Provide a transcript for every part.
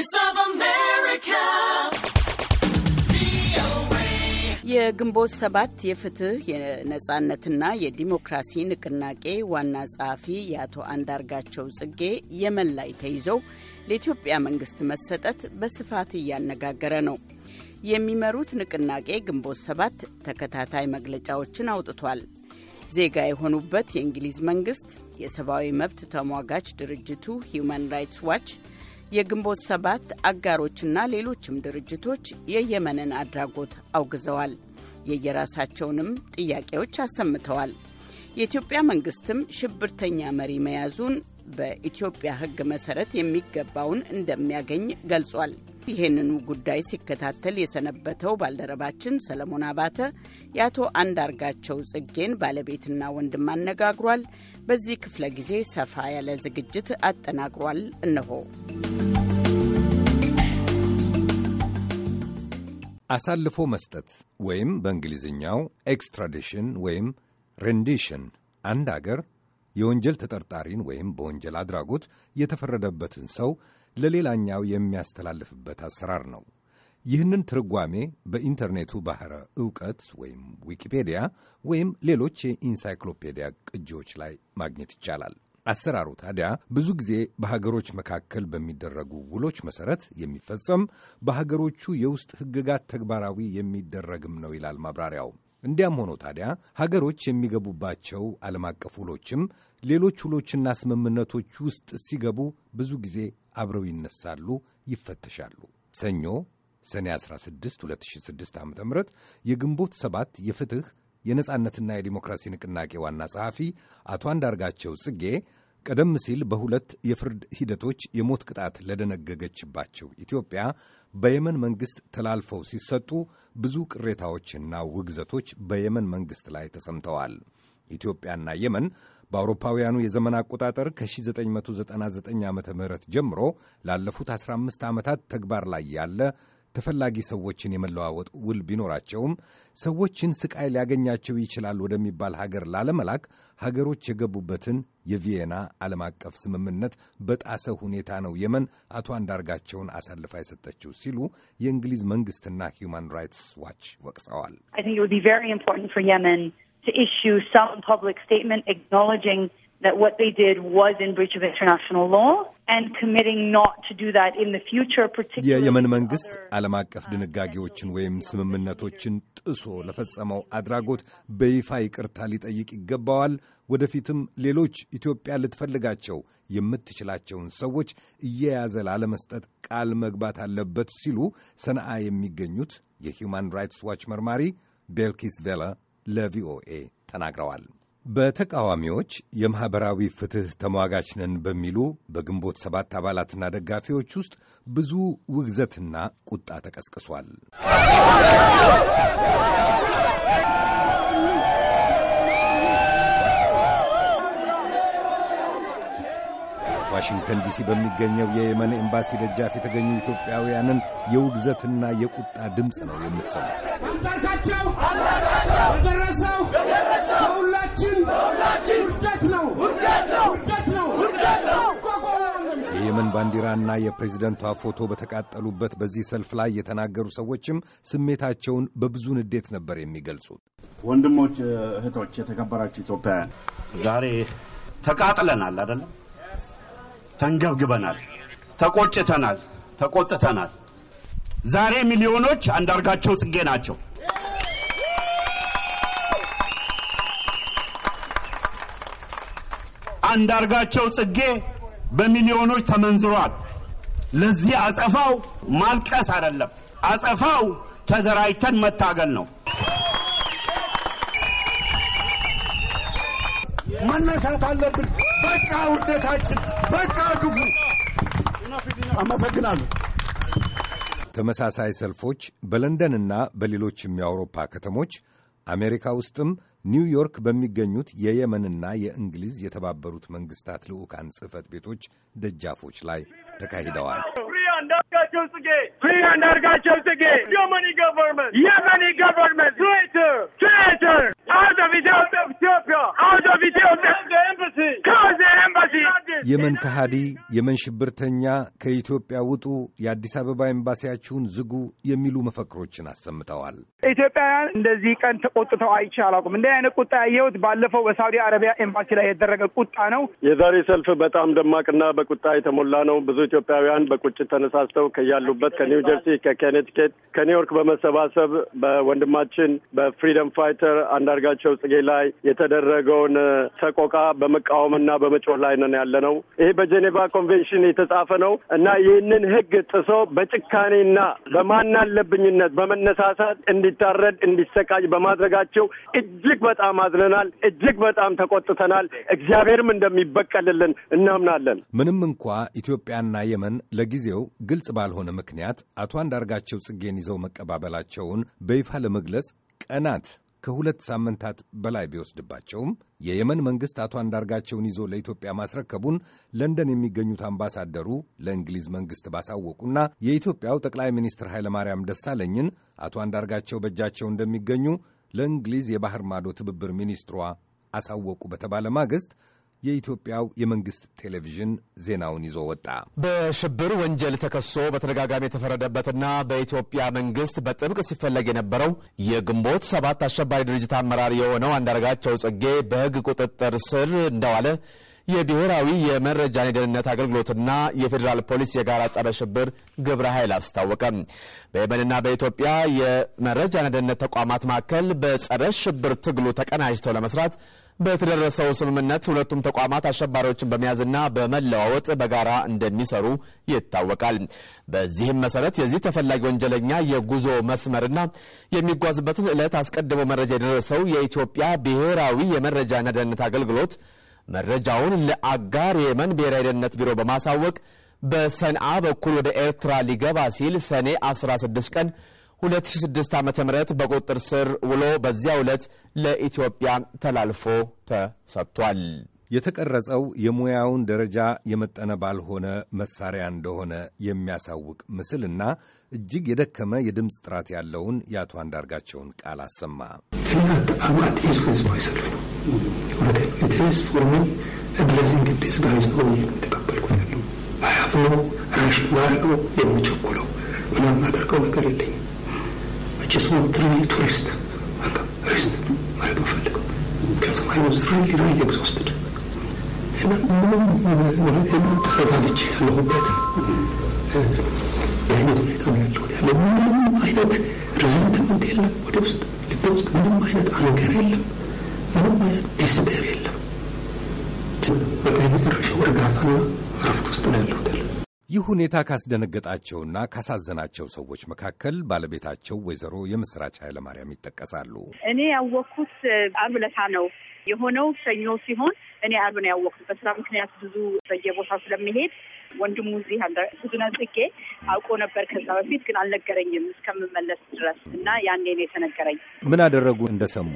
Voice of America. የግንቦት ሰባት የፍትህ የነጻነትና የዲሞክራሲ ንቅናቄ ዋና ጸሐፊ የአቶ አንዳርጋቸው ጽጌ የመን ላይ ተይዘው ለኢትዮጵያ መንግስት መሰጠት በስፋት እያነጋገረ ነው። የሚመሩት ንቅናቄ ግንቦት ሰባት ተከታታይ መግለጫዎችን አውጥቷል። ዜጋ የሆኑበት የእንግሊዝ መንግስት፣ የሰብአዊ መብት ተሟጋች ድርጅቱ ሂዩማን ራይትስ ዋች የግንቦት ሰባት አጋሮችና ሌሎችም ድርጅቶች የየመንን አድራጎት አውግዘዋል። የየራሳቸውንም ጥያቄዎች አሰምተዋል። የኢትዮጵያ መንግስትም ሽብርተኛ መሪ መያዙን በኢትዮጵያ ሕግ መሰረት የሚገባውን እንደሚያገኝ ገልጿል። ይህንኑ ጉዳይ ሲከታተል የሰነበተው ባልደረባችን ሰለሞን አባተ የአቶ አንዳርጋቸው ጽጌን ባለቤትና ወንድም አነጋግሯል። በዚህ ክፍለ ጊዜ ሰፋ ያለ ዝግጅት አጠናቅሯል። እነሆ። አሳልፎ መስጠት ወይም በእንግሊዝኛው ኤክስትራዲሽን ወይም ሬንዲሽን አንድ አገር የወንጀል ተጠርጣሪን ወይም በወንጀል አድራጎት የተፈረደበትን ሰው ለሌላኛው የሚያስተላልፍበት አሰራር ነው። ይህንን ትርጓሜ በኢንተርኔቱ ባሕረ ዕውቀት ወይም ዊኪፔዲያ ወይም ሌሎች የኢንሳይክሎፔዲያ ቅጂዎች ላይ ማግኘት ይቻላል። አሰራሩ ታዲያ ብዙ ጊዜ በሀገሮች መካከል በሚደረጉ ውሎች መሰረት የሚፈጸም በሀገሮቹ የውስጥ ሕግጋት ተግባራዊ የሚደረግም ነው ይላል ማብራሪያው። እንዲያም ሆኖ ታዲያ ሀገሮች የሚገቡባቸው ዓለም አቀፍ ውሎችም ሌሎች ውሎችና ስምምነቶች ውስጥ ሲገቡ ብዙ ጊዜ አብረው ይነሳሉ፣ ይፈተሻሉ። ሰኞ ሰኔ 16 2006 ዓ ም የግንቦት ሰባት የፍትሕ የነጻነትና የዲሞክራሲ ንቅናቄ ዋና ጸሐፊ አቶ አንዳርጋቸው ጽጌ ቀደም ሲል በሁለት የፍርድ ሂደቶች የሞት ቅጣት ለደነገገችባቸው ኢትዮጵያ በየመን መንግሥት ተላልፈው ሲሰጡ ብዙ ቅሬታዎችና ውግዘቶች በየመን መንግሥት ላይ ተሰምተዋል። ኢትዮጵያና የመን በአውሮፓውያኑ የዘመን አቆጣጠር ከ1999 ዓ ም ጀምሮ ላለፉት 15 ዓመታት ተግባር ላይ ያለ ተፈላጊ ሰዎችን የመለዋወጥ ውል ቢኖራቸውም ሰዎችን ስቃይ ሊያገኛቸው ይችላል ወደሚባል ሀገር ላለመላክ ሀገሮች የገቡበትን የቪየና ዓለም አቀፍ ስምምነት በጣሰ ሁኔታ ነው የመን አቶ አንዳርጋቸውን አሳልፋ የሰጠችው ሲሉ የእንግሊዝ መንግስትና ሂዩማን ራይትስ ዋች ወቅሰዋል። that what they did was in breach of international law and committing not to do that in the future particularly የየመን መንግስት ዓለም አቀፍ uh, ድንጋጌዎችን ወይም ስምምነቶችን ጥሶ ለፈጸመው አድራጎት በይፋ ይቅርታ ሊጠይቅ ይገባዋል። ወደፊትም ሌሎች ኢትዮጵያ ልትፈልጋቸው የምትችላቸውን ሰዎች እየያዘ ላለመስጠት ቃል መግባት አለበት ሲሉ ሰነአ የሚገኙት የሂውማን ራይትስ ዋች መርማሪ ቤልኪስ ቬለ ለቪኦኤ ተናግረዋል። በተቃዋሚዎች የማኅበራዊ ፍትሕ ተሟጋች ነን በሚሉ በግንቦት ሰባት አባላትና ደጋፊዎች ውስጥ ብዙ ውግዘትና ቁጣ ተቀስቅሷል። ዋሽንግተን ዲሲ በሚገኘው የየመን ኤምባሲ ደጃፍ የተገኙ ኢትዮጵያውያንን የውግዘትና የቁጣ ድምፅ ነው የምትሰሙት። ሁላችን የየመን ባንዲራና የፕሬዚደንቷ ፎቶ በተቃጠሉበት በዚህ ሰልፍ ላይ የተናገሩ ሰዎችም ስሜታቸውን በብዙ ንዴት ነበር የሚገልጹት። ወንድሞች፣ እህቶች፣ የተከበራችሁ ኢትዮጵያውያን ዛሬ ተቃጥለናል አይደለም፣ ተንገብግበናል፣ ተቆጭተናል፣ ተቆጥተናል። ዛሬ ሚሊዮኖች አንዳርጋቸው ጽጌ ናቸው። አንዳርጋቸው ጽጌ በሚሊዮኖች ተመንዝሯል። ለዚህ አጸፋው ማልቀስ አይደለም፣ አጸፋው ተደራጅተን መታገል ነው። መነሳት አለብን። በቃ ውደታችን፣ በቃ ግፉ። አመሰግናለሁ። ተመሳሳይ ሰልፎች በለንደንና በሌሎችም የአውሮፓ ከተሞች አሜሪካ ውስጥም ኒውዮርክ በሚገኙት የየመንና የእንግሊዝ የተባበሩት መንግስታት ልዑካን ጽህፈት ቤቶች ደጃፎች ላይ ተካሂደዋል። አንዳርጋቸው ጽጌ ፍሪ ጽጌ የመኒ ገቨርንመንት የመኒ ገቨርንመንት ትሬተር ትሬተር የመን ከሃዲ፣ የመን ሽብርተኛ፣ ከኢትዮጵያ ውጡ፣ የአዲስ አበባ ኤምባሲያችሁን ዝጉ የሚሉ መፈክሮችን አሰምተዋል። ኢትዮጵያውያን እንደዚህ ቀን ተቆጥተው አይቼ አላውቅም። እንደ አይነት ቁጣ ያየሁት ባለፈው በሳውዲ አረቢያ ኤምባሲ ላይ የተደረገ ቁጣ ነው። የዛሬ ሰልፍ በጣም ደማቅና በቁጣ የተሞላ ነው። ብዙ ኢትዮጵያውያን በቁጭት ተነሳስተው ከያሉበት ከኒው ጀርሲ፣ ከኬኔቲኬት፣ ከኒውዮርክ በመሰባሰብ በወንድማችን በፍሪደም ፋይተር አንዳ አንዳርጋቸው ጽጌ ላይ የተደረገውን ሰቆቃ በመቃወምና በመጮህ ላይ ነን ያለ ነው። ይሄ በጄኔቫ ኮንቬንሽን የተጻፈ ነው እና ይህንን ህግ ጥሶ በጭካኔና በማናለብኝነት በመነሳሳት እንዲታረድ እንዲሰቃይ በማድረጋቸው እጅግ በጣም አዝነናል። እጅግ በጣም ተቆጥተናል። እግዚአብሔርም እንደሚበቀልልን እናምናለን። ምንም እንኳ ኢትዮጵያና የመን ለጊዜው ግልጽ ባልሆነ ምክንያት አቶ አንዳርጋቸው ጽጌን ይዘው መቀባበላቸውን በይፋ ለመግለጽ ቀናት ከሁለት ሳምንታት በላይ ቢወስድባቸውም የየመን መንግሥት አቶ አንዳርጋቸውን ይዞ ለኢትዮጵያ ማስረከቡን ለንደን የሚገኙት አምባሳደሩ ለእንግሊዝ መንግሥት ባሳወቁና የኢትዮጵያው ጠቅላይ ሚኒስትር ኃይለማርያም ደሳለኝን አቶ አንዳርጋቸው በእጃቸው እንደሚገኙ ለእንግሊዝ የባህር ማዶ ትብብር ሚኒስትሯ አሳወቁ በተባለ ማግስት የኢትዮጵያው የመንግስት ቴሌቪዥን ዜናውን ይዞ ወጣ። በሽብር ወንጀል ተከሶ በተደጋጋሚ የተፈረደበትና በኢትዮጵያ መንግስት በጥብቅ ሲፈለግ የነበረው የግንቦት ሰባት አሸባሪ ድርጅት አመራር የሆነው አንዳርጋቸው ጽጌ በህግ ቁጥጥር ስር እንደዋለ የብሔራዊ የመረጃ የደህንነት አገልግሎትና የፌዴራል ፖሊስ የጋራ ጸረ ሽብር ግብረ ኃይል አስታወቀም። በየመንና በኢትዮጵያ የመረጃ ደህንነት ተቋማት መካከል በጸረ ሽብር ትግሉ ተቀናጅተው ለመስራት በተደረሰው ስምምነት ሁለቱም ተቋማት አሸባሪዎችን በመያዝና በመለዋወጥ በጋራ እንደሚሰሩ ይታወቃል። በዚህም መሰረት የዚህ ተፈላጊ ወንጀለኛ የጉዞ መስመርና የሚጓዝበትን ዕለት አስቀድሞ መረጃ የደረሰው የኢትዮጵያ ብሔራዊ የመረጃና ደህንነት አገልግሎት መረጃውን ለአጋር የመን ብሔራዊ ደህንነት ቢሮ በማሳወቅ በሰንአ በኩል ወደ ኤርትራ ሊገባ ሲል ሰኔ 16 ቀን 2006 ዓ ም በቁጥር ስር ውሎ በዚያ ዕለት ለኢትዮጵያ ተላልፎ ተሰጥቷል። የተቀረጸው የሙያውን ደረጃ የመጠነ ባልሆነ መሳሪያ እንደሆነ የሚያሳውቅ ምስልና እጅግ የደከመ የድምፅ ጥራት ያለውን የአቶ አንዳርጋቸውን ቃል አሰማ። ራሽ የምቸኩለው ምንም አደርገው ነገር የለኝም ቱሪስት ሪስት ማድረግ የምፈልገው ምክንያቱም አይ ወዝ ሪሊ ኤግዞስትድ እና ምንም ተረጋግቼ ያለሁበት አይነት ሁኔታ ነው ያለሁት። ያለ ምንም አይነት ሪዘንትመንት የለም ወደ ውስጥ ልቤ ውስጥ ምንም አይነት አንገር የለም። ምንም አይነት ዲስፔር የለም። በቃ የመጨረሻው እርጋታና እረፍት ውስጥ ነው ያለሁት። ይህ ሁኔታ ካስደነገጣቸውና ካሳዘናቸው ሰዎች መካከል ባለቤታቸው ወይዘሮ የምስራች ኃይለማርያም ይጠቀሳሉ። እኔ ያወቅኩት አርብ ለታ ነው የሆነው ሰኞ ሲሆን እኔ አርብ ነው ያወቅኩት። በስራ ምክንያት ብዙ በየቦታው ስለሚሄድ ወንድሙ እዚህ አለ ብዙነ ጽጌ አውቆ ነበር ከዛ በፊት ግን አልነገረኝም እስከምመለስ ድረስ እና ያኔ ነው የተነገረኝ። ምን አደረጉ እንደሰሙ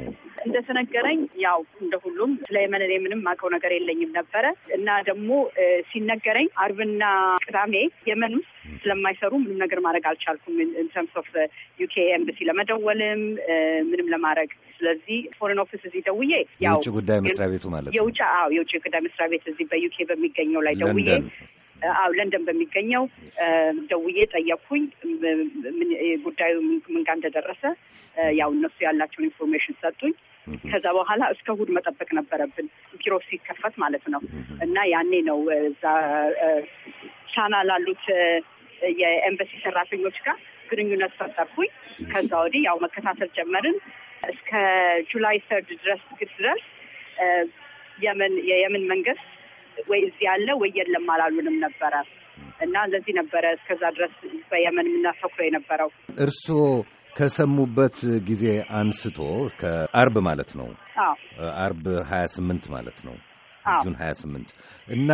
እንደተነገረኝ ያው እንደ ሁሉም ስለ የመን ምንም አውቀው ነገር የለኝም ነበረ እና ደግሞ ሲነገረኝ አርብና ቅዳሜ የመን ውስጥ ስለማይሰሩ ምንም ነገር ማድረግ አልቻልኩም። ኢንተርምስ ኦፍ ዩኬ ኤምባሲ ለመደወልም ምንም ለማድረግ ስለዚህ ፎሬን ኦፊስ እዚህ ደውዬ የውጭ ጉዳይ መስሪያ ቤቱ ማለት የውጭ የውጭ ጉዳይ መስሪያ ቤት እዚህ በዩኬ በሚገኘው ላይ ደውዬ አዎ ለንደን በሚገኘው ደውዬ ጠየኩኝ ጉዳዩ ምን ጋር እንደደረሰ ያው እነሱ ያላቸውን ኢንፎርሜሽን ሰጡኝ። ከዛ በኋላ እስከ እሑድ መጠበቅ ነበረብን ቢሮ ሲከፈት ማለት ነው። እና ያኔ ነው እዛ ቻና ላሉት የኤምባሲ ሰራተኞች ጋር ግንኙነት ፈጠርኩኝ። ከዛ ወዲህ ያው መከታተል ጀመርን እስከ ጁላይ ሰርድ ድረስ ድረስ የመን የየመን መንግስት ወይ እዚህ ያለ ወይ የለም አላሉንም ነበረ እና እንደዚህ ነበረ እስከዛ ድረስ በየመን የምናተኩረ የነበረው። እርስዎ ከሰሙበት ጊዜ አንስቶ ከአርብ ማለት ነው አርብ ሀያ ስምንት ማለት ነው ጁን 28 እና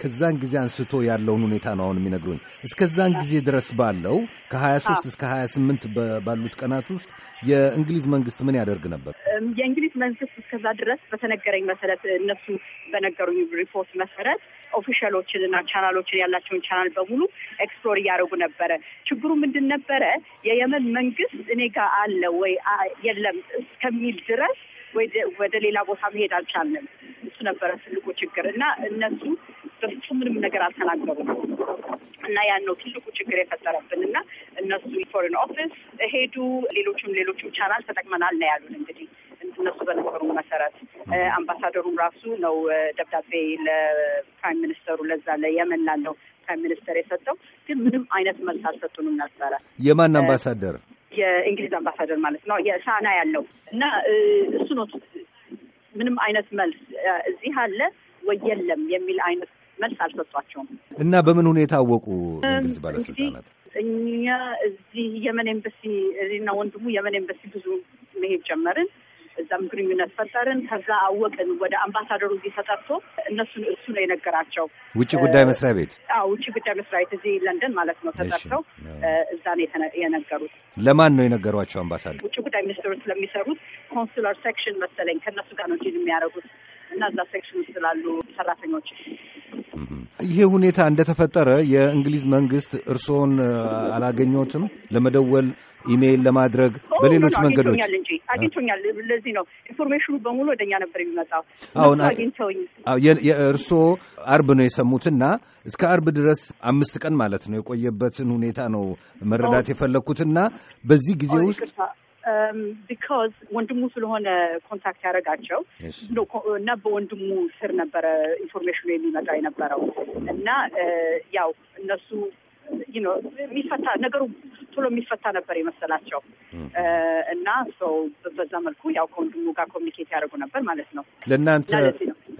ከዛን ጊዜ አንስቶ ያለውን ሁኔታ ነው አሁን የሚነግሩኝ። እስከዛን ጊዜ ድረስ ባለው ከ23 እስከ 28 ባሉት ቀናት ውስጥ የእንግሊዝ መንግስት ምን ያደርግ ነበር? የእንግሊዝ መንግስት እስከዛ ድረስ በተነገረኝ መሰረት እነሱ በነገሩኝ ሪፖርት መሰረት ኦፊሻሎችን እና ቻናሎችን ያላቸውን ቻናል በሙሉ ኤክስፕሎር እያደረጉ ነበረ። ችግሩ ምንድን ነበረ? የየመን መንግስት እኔ ጋር አለ ወይ የለም እስከሚል ድረስ ወደ ሌላ ቦታ መሄድ አልቻለም። እሱ ነበረ ትልቁ ችግር እና እነሱ በፍጹም ምንም ነገር አልተናገሩም እና ያን ነው ትልቁ ችግር የፈጠረብን እና እነሱ ፎሬን ኦፊስ ሄዱ። ሌሎችም ሌሎችም ቻናል ተጠቅመናል ነው ያሉን እንግዲህ እነሱ በነበሩ መሰረት አምባሳደሩም ራሱ ነው ደብዳቤ ለፕራይም ሚኒስተሩ ለዛ ለየመን ላለው ፕራይም ሚኒስተር የሰጠው ግን ምንም አይነት መልስ አልሰጡንም ነበረ። የማን አምባሳደር የእንግሊዝ አምባሳደር ማለት ነው የሳና ያለው እና እሱ ነው ምንም አይነት መልስ እዚህ አለ ወይ የለም የሚል አይነት መልስ አልሰጧቸውም። እና በምን ሁኔታ አወቁ እንግሊዝ ባለስልጣናት? እኛ እዚህ የመን ኤምበሲ እና ወንድሙ የመን ኤምበሲ ብዙ መሄድ ጀመርን። እዛም ግንኙነት ፈጠርን። ከዛ አወቅን ወደ አምባሳደሩ እዚህ ተጠርቶ እነሱን እሱ ነው የነገራቸው። ውጭ ጉዳይ መስሪያ ቤት ውጭ ጉዳይ መስሪያ ቤት እዚህ ለንደን ማለት ነው ተጠርተው እዛ ነው የነገሩት። ለማን ነው የነገሯቸው? አምባሳደር ውጭ ጉዳይ ሚኒስትሩ ስለሚሰሩት ኮንሱላር ሴክሽን መሰለኝ ከእነሱ ጋር ነው የሚያደርጉት እና እዛ ሴክሽን ውስጥ ላሉ ሰራተኞች ይሄ ሁኔታ እንደተፈጠረ የእንግሊዝ መንግስት እርስዎን አላገኘዎትም? ለመደወል ኢሜይል ለማድረግ በሌሎች መንገዶች አግኝቶኛል። ለዚህ ነው ኢንፎርሜሽኑ በሙሉ ወደ እኛ ነበር የሚመጣው። አግኝተውኝ የእርስዎ አርብ ነው የሰሙትና እስከ አርብ ድረስ አምስት ቀን ማለት ነው የቆየበትን ሁኔታ ነው መረዳት የፈለግኩትና በዚህ ጊዜ ውስጥ ቢካዝ um, ወንድሙ ስለሆነ ኮንታክት ያደረጋቸው እና በወንድሙ ስር ነበረ ኢንፎርሜሽኑ የሚመጣ የነበረው እና uh, ያው እነሱ የሚፈታ ነገሩ ቶሎ የሚፈታ ነበር የመሰላቸው hmm. uh, እና ሰው በዛ መልኩ ያው ከወንድሙ ጋር ኮሚኒኬት ያደርጉ ነበር ማለት ነው። ለእናንተ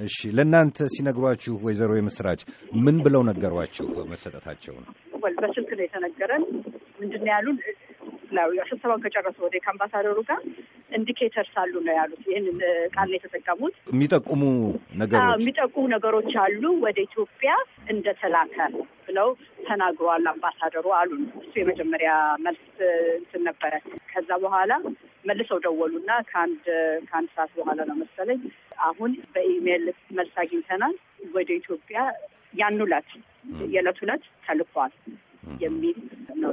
እሺ፣ ለእናንተ ሲነግሯችሁ ወይዘሮ የምስራች ምን ብለው ነገሯችሁ መሰጠታቸው ነው? በስልክ ነው የተነገረን። ምንድን ነው ያሉን ነው ስብሰባውን ከጨረሱ ወደ ከአምባሳደሩ ጋር ኢንዲኬተርስ አሉ ነው ያሉት። ይህንን ቃል ነው የተጠቀሙት። የሚጠቁሙ ነገሮች የሚጠቁሙ ነገሮች አሉ ወደ ኢትዮጵያ እንደተላከ ብለው ተናግሯል አምባሳደሩ አሉ። እሱ የመጀመሪያ መልስ እንትን ነበረ። ከዛ በኋላ መልሰው ደወሉና ከአንድ ከአንድ ሰዓት በኋላ ነው መሰለኝ አሁን በኢሜይል መልስ አግኝተናል ወደ ኢትዮጵያ ያን ዕለት የዕለት ዕለት ተልኳል የሚል ነው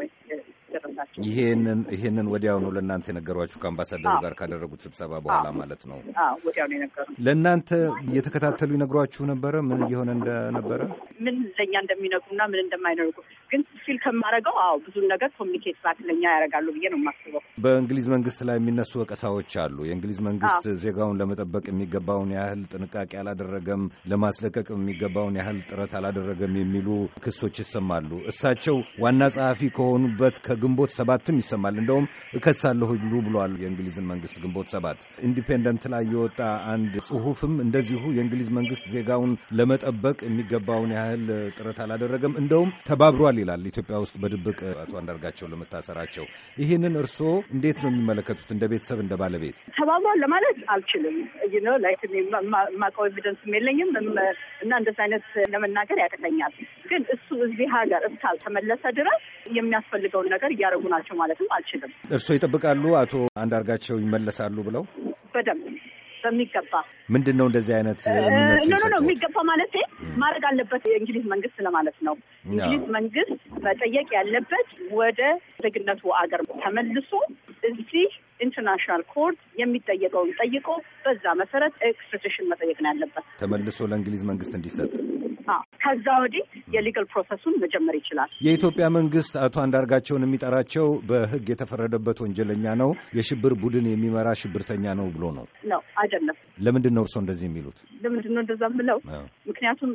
ያስደረግናቸው። ይሄንን ይሄንን ነው ለእናንተ የነገሯችሁ ከአምባሳደሩ ጋር ካደረጉት ስብሰባ በኋላ ማለት ነው? ነው የነገሩ። ለእናንተ እየተከታተሉ ይነግሯችሁ ነበረ ምን እየሆነ እንደነበረ ምን ለእኛ እንደሚነግሩና ምን እንደማይነግሩ ግን ፊል ከማደርገው አዎ፣ ብዙ ነገር ኮሚኒኬት ባክ ለኛ ያደርጋሉ ብዬ ነው የማስበው። በእንግሊዝ መንግስት ላይ የሚነሱ ወቀሳዎች አሉ። የእንግሊዝ መንግስት ዜጋውን ለመጠበቅ የሚገባውን ያህል ጥንቃቄ አላደረገም፣ ለማስለቀቅ የሚገባውን ያህል ጥረት አላደረገም የሚሉ ክሶች ይሰማሉ። እሳቸው ዋና ጸሐፊ ከሆኑበት ግንቦት ሰባትም ይሰማል። እንደውም እከሳለሁ ሁሉ ብሏል የእንግሊዝን መንግስት። ግንቦት ሰባት ኢንዲፔንደንት ላይ የወጣ አንድ ጽሁፍም እንደዚሁ የእንግሊዝ መንግስት ዜጋውን ለመጠበቅ የሚገባውን ያህል ጥረት አላደረገም፣ እንደውም ተባብሯል ይላል። ኢትዮጵያ ውስጥ በድብቅ አቶ አንዳርጋቸው ለመታሰራቸው ይህንን እርስዎ እንዴት ነው የሚመለከቱት? እንደ ቤተሰብ እንደ ባለቤት ተባብሯል ለማለት አልችልም። ማቀው ኤቪደንስም የለኝም እና እንደዚ አይነት ለመናገር ያቅተኛል። ግን እሱ እዚህ ሀገር እስካልተመለሰ ድረስ የሚያስፈልገውን ነገር ነገር እያደረጉ ናቸው ማለትም አልችልም። እርስዎ ይጠብቃሉ አቶ አንዳርጋቸው ይመለሳሉ ብለው በደንብ በሚገባ ምንድን ነው እንደዚህ አይነት ነው የሚገባ ማለት ማድረግ አለበት የእንግሊዝ መንግስት ለማለት ነው። እንግሊዝ መንግስት መጠየቅ ያለበት ወደ ዜግነቱ አገር ተመልሶ እዚህ ኢንተርናሽናል ኮርት የሚጠየቀውን ጠይቆ በዛ መሰረት ኤክስትራዲሽን መጠየቅ ነው ያለበት ተመልሶ ለእንግሊዝ መንግስት እንዲሰጥ። ከዛ ወዲህ የሊጋል ፕሮሰሱን መጀመር ይችላል። የኢትዮጵያ መንግስት አቶ አንዳርጋቸውን የሚጠራቸው በህግ የተፈረደበት ወንጀለኛ ነው፣ የሽብር ቡድን የሚመራ ሽብርተኛ ነው ብሎ ነው ነው አይደለም። ለምንድን ነው እርስዎ እንደዚህ የሚሉት? ለምንድን ነው እንደዛ ምለው? ምክንያቱም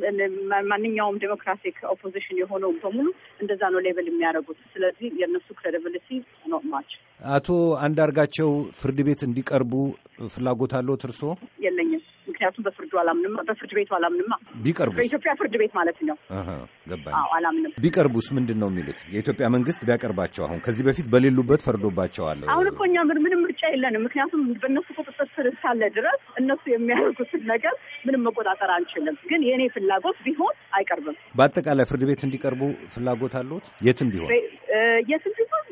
ማንኛውም ዴሞክራቲክ ኦፖዚሽን የሆነው በሙሉ እንደዛ ነው ሌበል የሚያደርጉት። ስለዚህ የእነሱ ክሬዲቢሊቲ ኖት ማች አቶ አንዳርጋ ጉዳያቸው ፍርድ ቤት እንዲቀርቡ ፍላጎት አለዎት እርስዎ? የለኝም። ምክንያቱም በፍርዱ አላምንም፣ በፍርድ ቤቱ አላምንም። ቢቀርቡ በኢትዮጵያ ፍርድ ቤት ማለት ነው። ገባኝ። አላምንም። ቢቀርቡስ ምንድን ነው የሚሉት? የኢትዮጵያ መንግስት ቢያቀርባቸው አሁን ከዚህ በፊት በሌሉበት ፈርዶባቸዋል። አሁን እኮ እኛ ምንም ምርጫ የለንም። ምክንያቱም በእነሱ ቁጥጥር ስር እስካለ ድረስ እነሱ የሚያደርጉትን ነገር ምንም መቆጣጠር አንችልም። ግን የእኔ ፍላጎት ቢሆን አይቀርብም። በአጠቃላይ ፍርድ ቤት እንዲቀርቡ ፍላጎት አለዎት? የትም ቢሆን የትም ቢሆን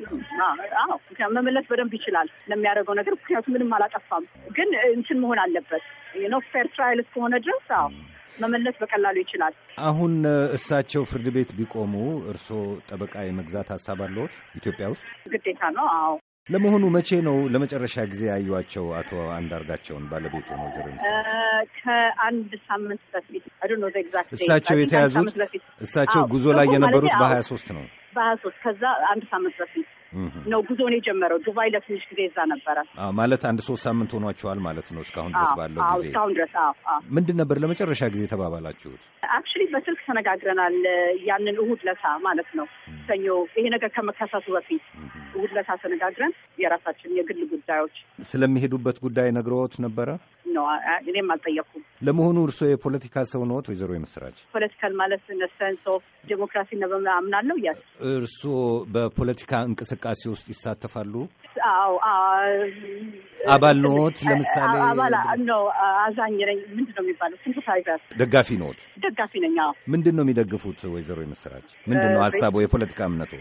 መመለስ በደንብ ይችላል ለሚያደርገው ነገር ምክንያቱም ምንም አላጠፋም። ግን እንትን መሆን አለበት ነው ፌር ትራይል እስከሆነ ድረስ አዎ መመለስ በቀላሉ ይችላል። አሁን እሳቸው ፍርድ ቤት ቢቆሙ እርስዎ ጠበቃ የመግዛት ሀሳብ አለዎት? ኢትዮጵያ ውስጥ ግዴታ ነው። አዎ። ለመሆኑ መቼ ነው ለመጨረሻ ጊዜ ያዩቸው አቶ አንዳርጋቸውን ነው? ሆነው? ከአንድ ሳምንት በፊት እሳቸው የተያዙት እሳቸው ጉዞ ላይ የነበሩት በሀያ ሶስት ነው በሀያ ሶስት ከዛ አንድ ሳምንት በፊት ነው ጉዞን የጀመረው። ዱባይ ለትንሽ ጊዜ እዛ ነበረ ማለት አንድ ሶስት ሳምንት ሆኗቸዋል ማለት ነው። እስካሁን ድረስ ባለው ጊዜ እስካሁን ድረስ ምንድን ነበር ለመጨረሻ ጊዜ ተባባላችሁት? አክቹዋሊ በስልክ ተነጋግረናል። ያንን እሁድ ለታ ማለት ነው ሰኞ፣ ይሄ ነገር ከመከሰቱ በፊት እሁድ ለታ ተነጋግረን የራሳችን የግል ጉዳዮች ስለሚሄዱበት ጉዳይ ነግረዎት ነበረ? ነው። እኔም አልጠየኩም። ለመሆኑ እርስዎ የፖለቲካ ሰው ነዎት ወይዘሮ የምስራች? ፖለቲካል ማለት ነሰንስ ኦፍ ዴሞክራሲ ነው አምናለሁ። ያስ እርስዎ በፖለቲካ እንቅስቃሴ ውስጥ ይሳተፋሉ? አዎ አባል ነዎት? ለምሳሌ አባል ነው። አዛኝ ነኝ። ምንድን ነው የሚባለው? ሲምፐታይዘር ደጋፊ ነዎት? ደጋፊ ነኝ። ምንድን ነው የሚደግፉት ወይዘሮ የምስራች? ምንድን ነው ሀሳቡ? የፖለቲካ እምነቱ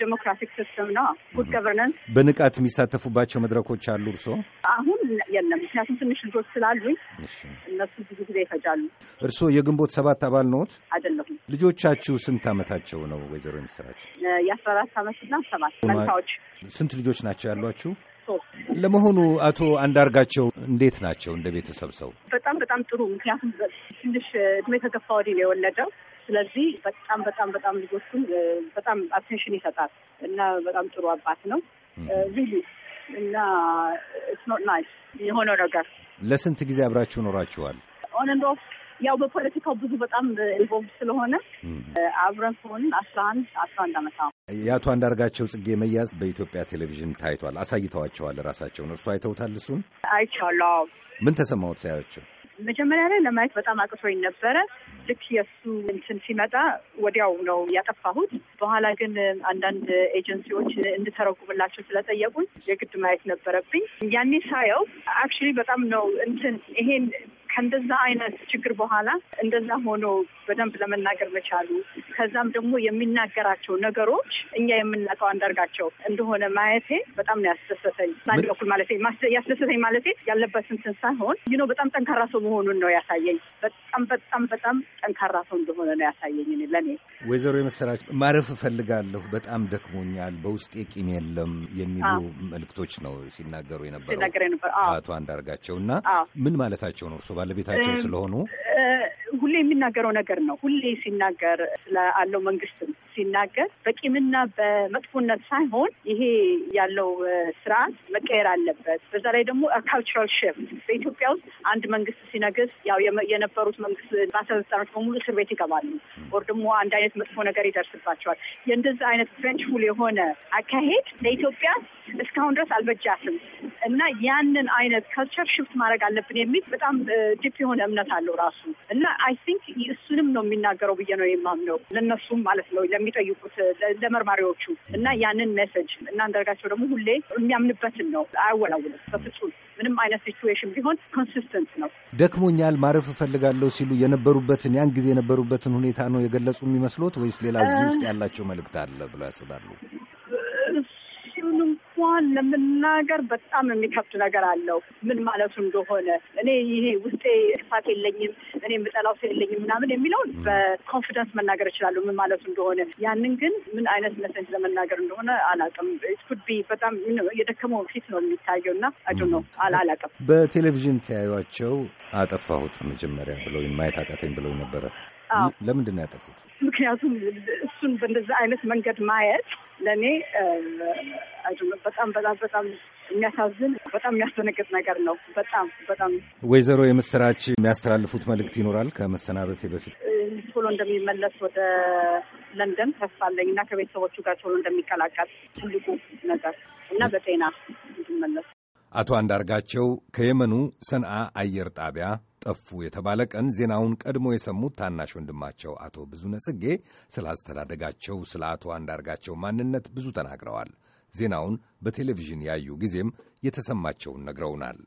ዴሞክራቲክ ሲስተም ነው፣ ጉድ ገቨርነንስ። በንቃት የሚሳተፉባቸው መድረኮች አሉ እርስዎ? አሁን የለም፣ ምክንያቱም ትንሽ ልጆች ነገሮች ስላሉኝ እነሱ ብዙ ጊዜ ይፈጃሉ። እርስዎ የግንቦት ሰባት አባል ነዎት? አይደለሁም። ልጆቻችሁ ስንት አመታቸው ነው? ወይዘሮ ምስራች የአስራ አራት አመትና ሰባት መንታዎች። ስንት ልጆች ናቸው ያሏችሁ? ለመሆኑ አቶ አንዳርጋቸው እንዴት ናቸው እንደ ቤተሰብ ሰው? በጣም በጣም ጥሩ። ምክንያቱም ትንሽ እድሜ ከገፋ ወዲህ ነው የወለደው። ስለዚህ በጣም በጣም በጣም ልጆቹን በጣም አቴንሽን ይሰጣል እና በጣም ጥሩ አባት ነው ሪሊ እና ኢትስ ኖት ናይስ የሆነው ነገር ለስንት ጊዜ አብራችሁ ኖራችኋል? ኦን ኤንድ ኦፍ ያው በፖለቲካው ብዙ በጣም ኢንቮልቭ ስለሆነ አብረን ከሆንን አስራ አንድ አስራ አንድ ዓመት ነው። የአቶ አንዳርጋቸው ጽጌ መያዝ በኢትዮጵያ ቴሌቪዥን ታይቷል። አሳይተዋቸዋል ራሳቸውን እርሱ አይተውታል። እሱን አይቼዋለሁ። ምን ተሰማዎት ሳያቸው? መጀመሪያ ላይ ለማየት በጣም አቅቶኝ ነበረ። ልክ የእሱ እንትን ሲመጣ ወዲያው ነው ያጠፋሁት። በኋላ ግን አንዳንድ ኤጀንሲዎች እንድተረጉምላቸው ስለጠየቁኝ የግድ ማየት ነበረብኝ። ያኔ ሳየው አክቹዋሊ በጣም ነው እንትን ይሄን ከእንደዛ አይነት ችግር በኋላ እንደዛ ሆኖ በደንብ ለመናገር መቻሉ ከዛም ደግሞ የሚናገራቸው ነገሮች እኛ የምናውቀው አንዳርጋቸው እንደሆነ ማየቴ በጣም ነው ያስደሰተኝ። በአንድ በኩል ማለቴ ያስደሰተኝ ማለት ያለበት እንትን ሳይሆን ይኖ በጣም ጠንካራ ሰው መሆኑን ነው ያሳየኝ። በጣም በጣም በጣም ጠንካራ ሰው እንደሆነ ነው ያሳየኝ። ለእኔ ወይዘሮ የመሰራች ማረፍ እፈልጋለሁ፣ በጣም ደክሞኛል፣ በውስጤ ቂም የለም የሚሉ መልክቶች ነው ሲናገሩ የነበረው አቶ አንዳርጋቸው እና ምን ማለታቸው ነው እርሶ ባለቤታቸው ስለሆኑ ሁሌ የሚናገረው ነገር ነው። ሁሌ ሲናገር ስለ አለው መንግስትም ሲናገር በቂምና በመጥፎነት ሳይሆን ይሄ ያለው ስርዓት መቀየር አለበት። በዛ ላይ ደግሞ ካልቸራል ሽፍት በኢትዮጵያ ውስጥ አንድ መንግስት ሲነግስ ያው የነበሩት መንግስት ባለስልጣኖች በሙሉ እስር ቤት ይገባሉ፣ ወር ደግሞ አንድ አይነት መጥፎ ነገር ይደርስባቸዋል። የእንደዚህ አይነት ቬንጅፉል የሆነ አካሄድ ለኢትዮጵያ እስካሁን ድረስ አልበጃትም እና ያንን አይነት ካልቸር ሽፍት ማድረግ አለብን የሚል በጣም ዲፕ የሆነ እምነት አለው ራሱ እና አይ ቲንክ እሱንም ነው የሚናገረው ብዬ ነው የማምነው ለነሱም ማለት ነው የሚጠይቁት ለመርማሪዎቹ እና ያንን ሜሴጅ እናንደርጋቸው ደግሞ ሁሌ የሚያምንበትን ነው፣ አያወላውልም በፍጹም ምንም አይነት ሲትዌሽን ቢሆን ኮንሲስተንት ነው። ደክሞኛል፣ ማረፍ እፈልጋለሁ ሲሉ የነበሩበትን ያን ጊዜ የነበሩበትን ሁኔታ ነው የገለጹ የሚመስሎት ወይስ ሌላ እዚህ ውስጥ ያላቸው መልእክት አለ ብሎ ያስባሉ? እንኳን ለመናገር በጣም የሚከብድ ነገር አለው። ምን ማለቱ እንደሆነ እኔ ይሄ ውስጤ ጥፋት የለኝም እኔ የምጠላው ሰው የለኝም ምናምን የሚለውን በኮንፊደንስ መናገር እችላለሁ፣ ምን ማለቱ እንደሆነ። ያንን ግን ምን አይነት መሰንጅ ለመናገር እንደሆነ አላውቅም። ኩድቢ በጣም የደከመው ፊት ነው የሚታየው እና አዱ ነው አላውቅም። በቴሌቪዥን ተያዩቸው አጠፋሁት መጀመሪያ ብለው ማየት አቃተኝ ብለው ነበረ ለምንድን ነው ያጠፉት? ምክንያቱም እሱን በእንደዚህ አይነት መንገድ ማየት ለእኔ በጣም በጣም በጣም የሚያሳዝን በጣም የሚያስደነግጥ ነገር ነው። በጣም በጣም ወይዘሮ የምስራች የሚያስተላልፉት መልእክት ይኖራል? ከመሰናበቴ በፊት ቶሎ እንደሚመለስ ወደ ለንደን ተስፋ አለኝ እና ከቤተሰቦቹ ጋር ቶሎ እንደሚቀላቀል ትልቁ ነገር እና በጤና እንዲመለስ አቶ አንዳርጋቸው ከየመኑ ሰንዓ አየር ጣቢያ ጠፉ የተባለ ቀን ዜናውን ቀድሞ የሰሙት ታናሽ ወንድማቸው አቶ ብዙ ጽጌ ስለ አስተዳደጋቸው፣ ስለ አቶ አንዳርጋቸው ማንነት ብዙ ተናግረዋል። ዜናውን በቴሌቪዥን ያዩ ጊዜም የተሰማቸውን ነግረውናል።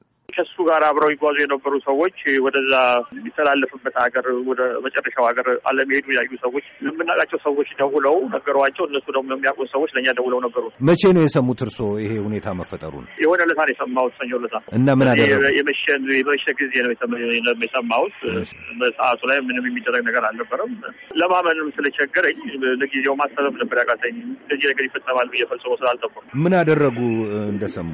ጋር አብረው ይጓዙ የነበሩ ሰዎች ወደዛ የሚተላለፍበት ሀገር ወደ መጨረሻው ሀገር አለመሄዱ ያዩ ሰዎች የምናውቃቸው ሰዎች ደውለው ነገሯቸው። እነሱ ደግሞ የሚያውቁ ሰዎች ለእኛ ደውለው ነበሩ። መቼ ነው የሰሙት እርስዎ ይሄ ሁኔታ መፈጠሩን? የሆነ ለታ ነው የሰማሁት፣ ሰኞ ለታ እና ምን አደረጉ? የመሸ ጊዜ ነው የሰማሁት። በሰዓቱ ላይ ምንም የሚደረግ ነገር አልነበረም። ለማመንም ስለቸገረኝ ለጊዜው ማሰብም ነበር ያቃተኝ። እዚህ ነገር ይፈጸማል ብዬ ፈጽሞ ምን አደረጉ እንደሰሙ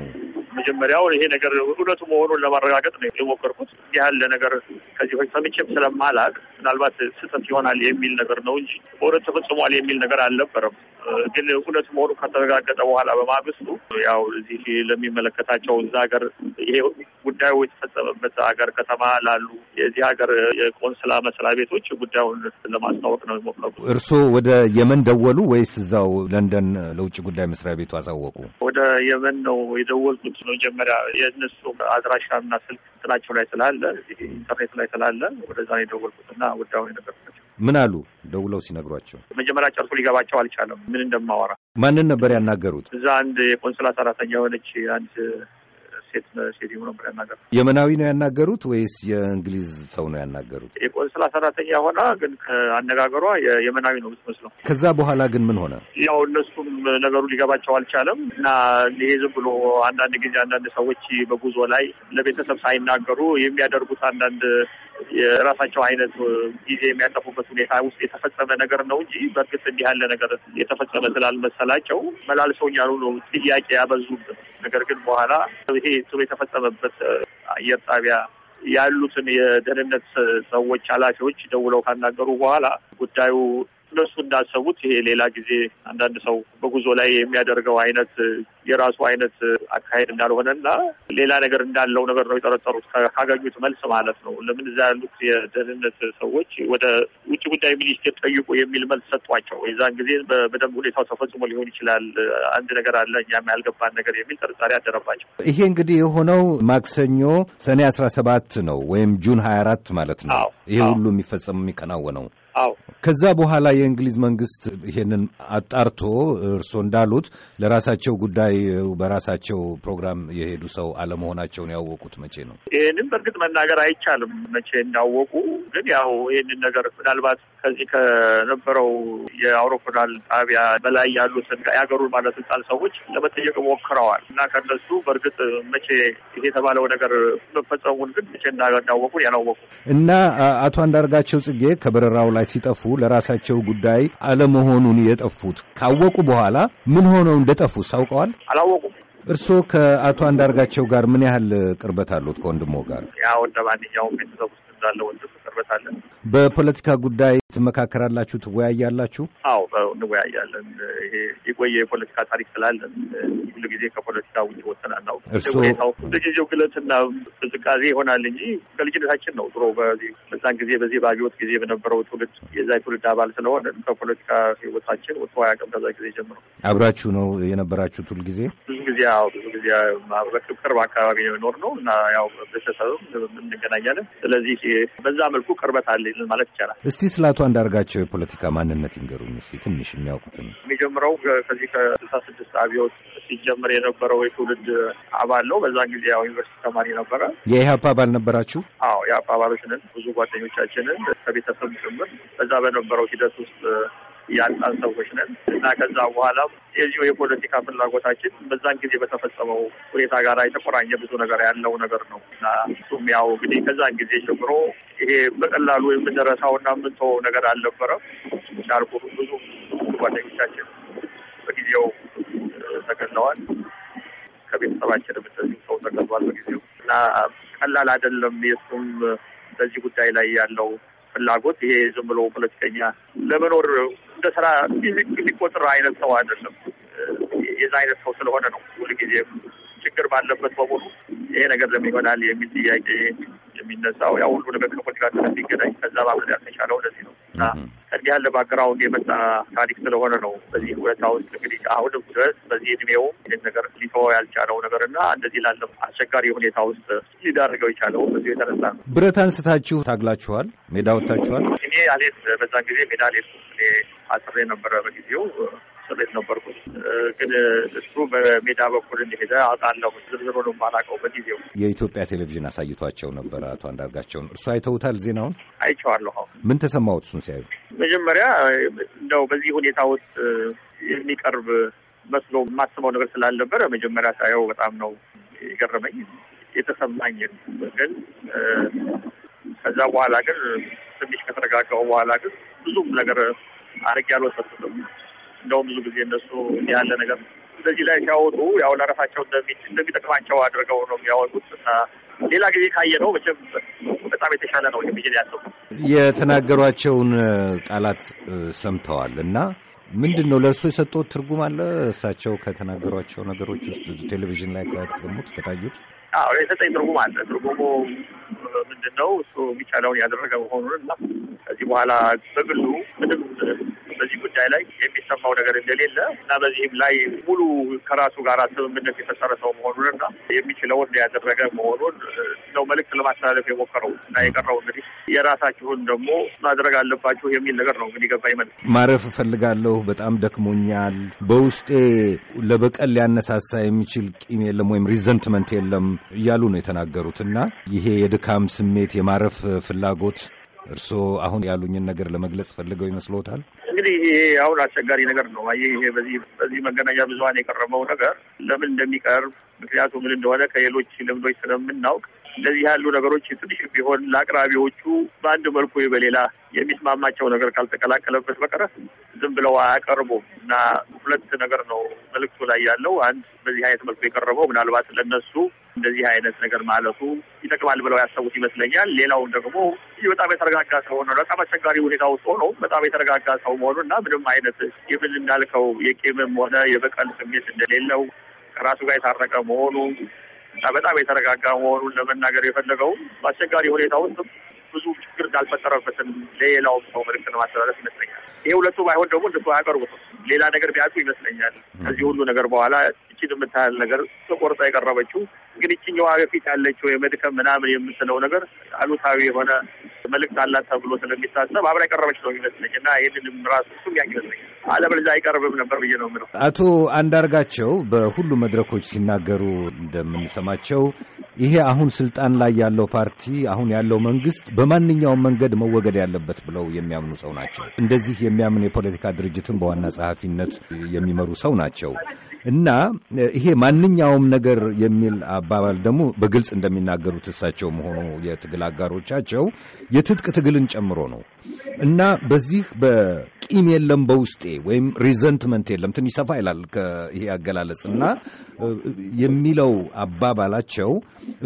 መጀመሪያው ይሄ ነገር እውነቱ መሆኑን ለማረጋገጥ ነው የሞከርኩት። እንዲህ ያለ ነገር ከዚህ በፊት ሰምቼም ስለማላቅ ምናልባት ስህተት ይሆናል የሚል ነገር ነው እንጂ በእውነት ተፈጽሟል የሚል ነገር አልነበረም። ግን እውነት መሆኑ ከተረጋገጠ በኋላ በማግስቱ ያው እዚህ ለሚመለከታቸው እዛ ሀገር ይሄ ጉዳዩ የተፈጸመበት ሀገር ከተማ ላሉ የዚህ ሀገር የቆንስላ መስሪያ ቤቶች ጉዳዩን ለማስታወቅ ነው የሞከርኩት። እርስዎ ወደ የመን ደወሉ ወይስ እዛው ለንደን ለውጭ ጉዳይ መስሪያ ቤቱ አሳወቁ? ወደ የመን ነው የደወልኩት። መጀመሪያ የእነሱ አድራሻ ስልክ ጥላቸው ላይ ስላለ ኢንተርኔት ላይ ስላለ ወደዛ ነው የደወልኩት እና ወዳሁን የነገርኳቸው። ምን አሉ ደውለው ሲነግሯቸው? መጀመሪያ ጨርሶ ሊገባቸው አልቻለም፣ ምን እንደማወራ። ማንን ነበር ያናገሩት? እዛ አንድ የቆንስላ ሰራተኛ የሆነች አንድ ሴት ሴት ሆኖ ብለ የመናዊ ነው ያናገሩት ወይስ የእንግሊዝ ሰው ነው ያናገሩት? የቆንስላ ሰራተኛ ሆና ግን ከአነጋገሯ የመናዊ ነው የምትመስለው ከዛ በኋላ ግን ምን ሆነ? ያው እነሱም ነገሩ ሊገባቸው አልቻለም እና ይሄ ዝም ብሎ አንዳንድ ጊዜ አንዳንድ ሰዎች በጉዞ ላይ ለቤተሰብ ሳይናገሩ የሚያደርጉት አንዳንድ የራሳቸው አይነት ጊዜ የሚያጠፉበት ሁኔታ ውስጥ የተፈጸመ ነገር ነው እንጂ በእርግጥ እንዲህ ያለ ነገር የተፈጸመ ስላልመሰላቸው መላልሰውኛሉ ነው ጥያቄ ያበዙበት። ነገር ግን በኋላ ይሄ ስሩ የተፈጸመበት አየር ጣቢያ ያሉትን የደህንነት ሰዎች ኃላፊዎች ደውለው ካናገሩ በኋላ ጉዳዩ እነሱ እንዳሰቡት ይሄ ሌላ ጊዜ አንዳንድ ሰው በጉዞ ላይ የሚያደርገው አይነት የራሱ አይነት አካሄድ እንዳልሆነ እና ሌላ ነገር እንዳለው ነገር ነው የጠረጠሩት ካገኙት መልስ ማለት ነው። ለምን እዛ ያሉት የደህንነት ሰዎች ወደ ውጭ ጉዳይ ሚኒስቴር ጠይቁ የሚል መልስ ሰጧቸው። የዛን ጊዜ በደንብ ሁኔታው ተፈጽሞ ሊሆን ይችላል፣ አንድ ነገር አለ እኛም ያልገባን ነገር የሚል ጥርጣሬ አደረባቸው። ይሄ እንግዲህ የሆነው ማክሰኞ ሰኔ አስራ ሰባት ነው ወይም ጁን ሀያ አራት ማለት ነው። ይሄ ሁሉ የሚፈጸም የሚከናወነው አዎ። ከዛ በኋላ የእንግሊዝ መንግስት ይሄንን አጣርቶ እርስዎ እንዳሉት ለራሳቸው ጉዳይ በራሳቸው ፕሮግራም የሄዱ ሰው አለመሆናቸውን ያወቁት መቼ ነው? ይህንን በእርግጥ መናገር አይቻልም መቼ እንዳወቁ። ግን ያው ይህንን ነገር ምናልባት ከዚህ ከነበረው የአውሮፕላን ጣቢያ በላይ ያሉት የሀገሩን ባለስልጣን ሰዎች ለመጠየቅ ሞክረዋል እና ከነሱ በእርግጥ መቼ የተባለው ነገር መፈጸሙን ግን መቼ እንዳወቁ ያላወቁ እና አቶ አንዳርጋቸው ጽጌ ከበረራው ላይ ሲጠፉ ለራሳቸው ጉዳይ አለመሆኑን የጠፉት ካወቁ በኋላ ምን ሆነው እንደጠፉ ሳውቀዋል አላወቁም። እርስዎ ከአቶ አንዳርጋቸው ጋር ምን ያህል ቅርበት አሉት? ከወንድሞ ጋር ያው እንደ ማንኛውም ቤተሰብ ስላለ ወንጀል ተሰርበታለን። በፖለቲካ ጉዳይ ትመካከራላችሁ፣ ትወያያላችሁ? አዎ እንወያያለን። ይሄ የቆየ የፖለቲካ ታሪክ ስላለን ሁሉ ጊዜ ከፖለቲካ ውጭ ወተን አናውቅ። ሁኔታው ለጊዜው ግለትና ቅዝቃዜ ይሆናል እንጂ ከልጅነታችን ነው። ድሮ በዛን ጊዜ በዚህ በአብዮት ጊዜ በነበረው ትውልድ የዛ ትውልድ አባል ስለሆነ ከፖለቲካ ህይወታችን ወተዋያቅም ከዛ ጊዜ ጀምሮ አብራችሁ ነው የነበራችሁት ሁል ጊዜ ብዙ ጊዜ ያው ብዙ ጊዜ ቅርብ አካባቢ ነው እና ያው ቤተሰብም እንገናኛለን። ስለዚህ በዛ መልኩ ቅርበት አለኝ ማለት ይቻላል። እስቲ ስለ አቶ አንዳርጋቸው የፖለቲካ ማንነት ይንገሩኝ እስቲ ትንሽ የሚያውቁትን። የሚጀምረው ከዚህ ከስልሳ ስድስት አብዮት ሲጀምር የነበረው የትውልድ አባል ነው። በዛን ጊዜ ያው ዩኒቨርሲቲ ተማሪ ነበረ። የኢህአፓ አባል ነበራችሁ? አዎ የኢህአፓ አባሎች ነን። ብዙ ጓደኞቻችንን ከቤተሰብ ጭምር በዛ በነበረው ሂደት ውስጥ ያጣን ሰዎች ነን እና ከዛ በኋላም የዚሁ የፖለቲካ ፍላጎታችን በዛን ጊዜ በተፈጸመው ሁኔታ ጋር የተቆራኘ ብዙ ነገር ያለው ነገር ነው እና እሱም ያው እንግዲህ ከዛን ጊዜ ጀምሮ ይሄ በቀላሉ የምንረሳው እና የምንተወው ነገር አልነበረም። እንዳልኩ ብዙ ጓደኞቻችን በጊዜው ተገለዋል። ከቤተሰባችን እንደዚሁ ሰው ተገሏል በጊዜው እና ቀላል አይደለም። የሱም በዚህ ጉዳይ ላይ ያለው ፍላጎት ይሄ ዝም ብሎ ፖለቲከኛ ለመኖር እንደ ስራ የሚቆጥር አይነት ሰው አይደለም። የዛ አይነት ሰው ስለሆነ ነው ሁልጊዜ ችግር ባለበት በሙሉ ይሄ ነገር ለምን ይሆናል የሚል ጥያቄ የሚነሳው ያው ሁሉ ነገር ከፖለቲካ ጋር ስለሚገናኝ ከዛ ማምለጥ ያልተቻለው ለዚህ ነው። እና ከዚህ ያለ ባክግራውንድ የመጣ ታሪክ ስለሆነ ነው። በዚህ ሁኔታ ውስጥ እንግዲህ አሁንም ድረስ በዚህ እድሜው ይህን ነገር ሊተወው ያልቻለው ነገር እና እንደዚህ ላለም አስቸጋሪ ሁኔታ ውስጥ ሊዳርገው የቻለው በዚ የተነሳ ነው። ብረት አንስታችሁ ታግላችኋል፣ ሜዳ ወጥታችኋል። እኔ አሌት በዛን ጊዜ ሜዳ ሌት አስሬ ነበረ በጊዜው ቤት ነበርኩ። ግን እሱ በሜዳ በኩል እንደሄደ አውቃለሁ። ዝርዝሩንም አላውቀው በጊዜው። የኢትዮጵያ ቴሌቪዥን አሳይቷቸው ነበር አቶ አንዳርጋቸውን። እርሱ አይተውታል? ዜናውን አይቼዋለሁ። ምን ተሰማዎት እሱን ሲያዩ? መጀመሪያ እንደው በዚህ ሁኔታ ውስጥ የሚቀርብ መስሎ የማስበው ነገር ስላልነበረ መጀመሪያ ሳየው በጣም ነው የገረመኝ የተሰማኝ ግን ከዛ በኋላ ግን ትንሽ ከተረጋጋው በኋላ ግን ብዙም ነገር አድርጌ አልወሰድኩም። እንደውም ብዙ ጊዜ እነሱ ያለ ነገር እንደዚህ ላይ ሲያወጡ ያው ለራሳቸው እንደሚጠቅማቸው አድርገው ነው የሚያወጡት እና ሌላ ጊዜ ካየ ነው መቼም በጣም የተሻለ ነው ብዬ ያለው። የተናገሯቸውን ቃላት ሰምተዋል እና ምንድን ነው ለእርሱ የሰጡት ትርጉም አለ? እሳቸው ከተናገሯቸው ነገሮች ውስጥ ቴሌቪዥን ላይ ከተሰሙት ከታዩት የሰጠኝ ትርጉም አለ። ትርጉሙ ምንድን ነው እሱ የሚቻለውን ያደረገ መሆኑን እና ከዚህ በኋላ በግሉ ምንም በዚህ ጉዳይ ላይ የሚሰማው ነገር እንደሌለ እና በዚህም ላይ ሙሉ ከራሱ ጋር ስምምነት የተሰረሰው መሆኑን እና የሚችለውን ያደረገ መሆኑን ነው መልእክት ለማስተላለፍ የሞከረው እና የቀረው እንግዲህ የራሳችሁን ደግሞ ማድረግ አለባችሁ የሚል ነገር ነው። እንግዲህ ገባ ይመል ማረፍ እፈልጋለሁ፣ በጣም ደክሞኛል፣ በውስጤ ለበቀል ሊያነሳሳ የሚችል ቂም የለም ወይም ሪዘንትመንት የለም እያሉ ነው የተናገሩት እና ይሄ የድካም ስሜት፣ የማረፍ ፍላጎት እርስዎ አሁን ያሉኝን ነገር ለመግለጽ ፈልገው ይመስልዎታል? እንግዲህ ይሄ አሁን አስቸጋሪ ነገር ነው። አየህ ይሄ በዚህ በዚህ መገናኛ ብዙኃን የቀረበው ነገር ለምን እንደሚቀርብ ምክንያቱ ምን እንደሆነ ከሌሎች ልምዶች ስለምናውቅ እንደዚህ ያሉ ነገሮች ትንሽ ቢሆን ለአቅራቢዎቹ በአንድ መልኩ በሌላ የሚስማማቸው ነገር ካልተቀላቀለበት በቀረ ዝም ብለው አያቀርቡም እና ሁለት ነገር ነው መልእክቱ ላይ ያለው። አንድ በዚህ አይነት መልኩ የቀረበው ምናልባት ለነሱ እንደዚህ አይነት ነገር ማለቱ ይጠቅማል ብለው ያሰቡት ይመስለኛል። ሌላውን ደግሞ ይህ በጣም የተረጋጋ ሰው ነው፣ በጣም አስቸጋሪ ሁኔታ ውስጥ ሆኖ በጣም የተረጋጋ ሰው መሆኑ እና ምንም አይነት የምን እንዳልከው የቂምም ሆነ የበቀል ስሜት እንደሌለው ከራሱ ጋር የታረቀ መሆኑ እና በጣም የተረጋጋ መሆኑን ለመናገር የፈለገው በአስቸጋሪ ሁኔታ ውስጥ ብዙ ችግር እንዳልፈጠረበትም ለሌላው ሰው መልዕክት ለማስተላለፍ ይመስለኛል። ይሄ ሁለቱ ባይሆን ደግሞ እንደ አያቀርቡትም ሌላ ነገር ቢያጡ ይመስለኛል። ከዚህ ሁሉ ነገር በኋላ እችን የምታህል ነገር ተቆርጣ የቀረበችው ግን እችኛዋ በፊት ያለችው የመድከም ምናምን የምትለው ነገር አሉታዊ የሆነ መልዕክት አላት ተብሎ ስለሚታሰብ አብራ የቀረበች ነው ይመስለኝ እና ይህንንም ራሱ እሱም ያቅ ይመስለኛል። አለበለዚያ አይቀርብም ነበር ብዬ ነው የምለው። አቶ አንዳርጋቸው በሁሉ መድረኮች ሲናገሩ እንደምንሰማቸው ይሄ አሁን ስልጣን ላይ ያለው ፓርቲ አሁን ያለው መንግስት በማንኛውም መንገድ መወገድ ያለበት ብለው የሚያምኑ ሰው ናቸው። እንደዚህ የሚያምን የፖለቲካ ድርጅትን በዋና ጸሐፊነት የሚመሩ ሰው ናቸው እና ይሄ ማንኛውም ነገር የሚል አባባል ደግሞ በግልጽ እንደሚናገሩት እሳቸው መሆኑ የትግል አጋሮቻቸው የትጥቅ ትግልን ጨምሮ ነው እና በዚህ በቂም የለም በውስጤ ወይም ሪዘንትመንት የለም ትንሽ ሰፋ ይላል ይሄ አገላለጽ እና የሚለው አባባላቸው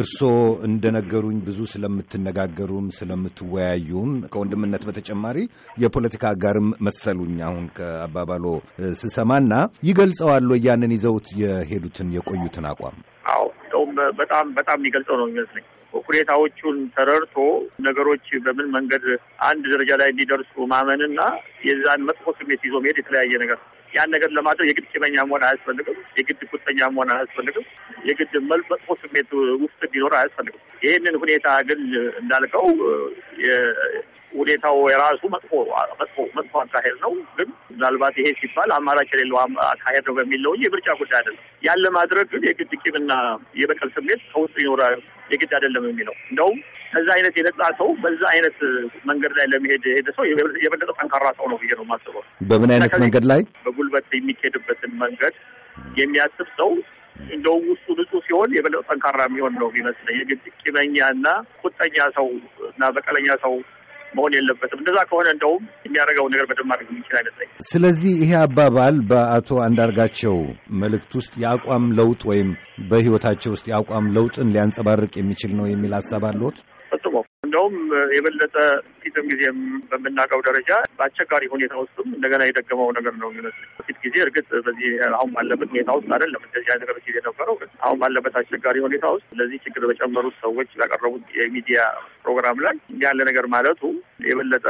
እርስዎ እንደነገሩኝ ብዙ ስለምትነጋገሩም ስለምትወያዩም ከወንድምነት በተጨማሪ የፖለቲካ ጋርም መሰሉኝ አሁን ከአባባሎ ስሰማና ይገልጸዋሉ ያንን ይዘውት የሄዱትን የቆዩትን አቋም። አዎ እንደውም በጣም በጣም የሚገልጸው ነው የሚመስለኝ ሁኔታዎቹን ተረድቶ ነገሮች በምን መንገድ አንድ ደረጃ ላይ እንዲደርሱ ማመንና የዛን መጥፎ ስሜት ይዞ መሄድ የተለያየ ነገር ያን ነገር ለማድረግ የግድ ቂመኛ መሆን አያስፈልግም። የግድ ቁጠኛ መሆን አያስፈልግም። የግድ መጥፎ ስሜት ውስጥ ቢኖር አያስፈልግም። ይህንን ሁኔታ ግን እንዳልከው ሁኔታው የራሱ መጥፎ መጥፎ መጥፎ አካሄድ ነው። ግን ምናልባት ይሄ ሲባል አማራጭ የሌለው አካሄድ ነው በሚል ነው እንጂ የምርጫ ጉዳይ አይደለም። ያለ ማድረግ ግን የግድ ቂምና የበቀል ስሜት ከውስጥ ይኖራል የግድ አይደለም የሚለው እንደውም ከዛ አይነት የነጻ ሰው በዛ አይነት መንገድ ላይ ለመሄድ የሄደ ሰው የበለጠ ጠንካራ ሰው ነው ብዬ ነው የማስበው። በምን አይነት መንገድ ላይ በጉልበት የሚካሄድበትን መንገድ የሚያስብ ሰው እንደው ውስጡ ንጹህ ሲሆን የበለጠ ጠንካራ የሚሆን ነው የሚመስለኝ። የግድ ቂመኛና ቁጠኛ ሰው እና በቀለኛ ሰው መሆን የለበትም። እንደዛ ከሆነ እንደውም የሚያደርገው ነገር በደንብ ማድረግ የሚችል አይመስለኝም። ስለዚህ ይሄ አባባል በአቶ አንዳርጋቸው መልእክት ውስጥ የአቋም ለውጥ ወይም በህይወታቸው ውስጥ የአቋም ለውጥን ሊያንጸባርቅ የሚችል ነው የሚል ሀሳብ አለዎት? ፈጽሞ እንደውም የበለጠ ፊትም ጊዜም በምናውቀው ደረጃ በአስቸጋሪ ሁኔታ ውስጥም እንደገና የደገመው ነገር ነው የሚመስል። ፊት ጊዜ እርግጥ በዚህ አሁን ባለበት ሁኔታ ውስጥ አይደለም እንደዚህ አይነት ጊዜ ነበረው። አሁን ባለበት አስቸጋሪ ሁኔታ ውስጥ ለዚህ ችግር በጨመሩት ሰዎች ያቀረቡት የሚዲያ ፕሮግራም ላይ ያለ ነገር ማለቱ የበለጠ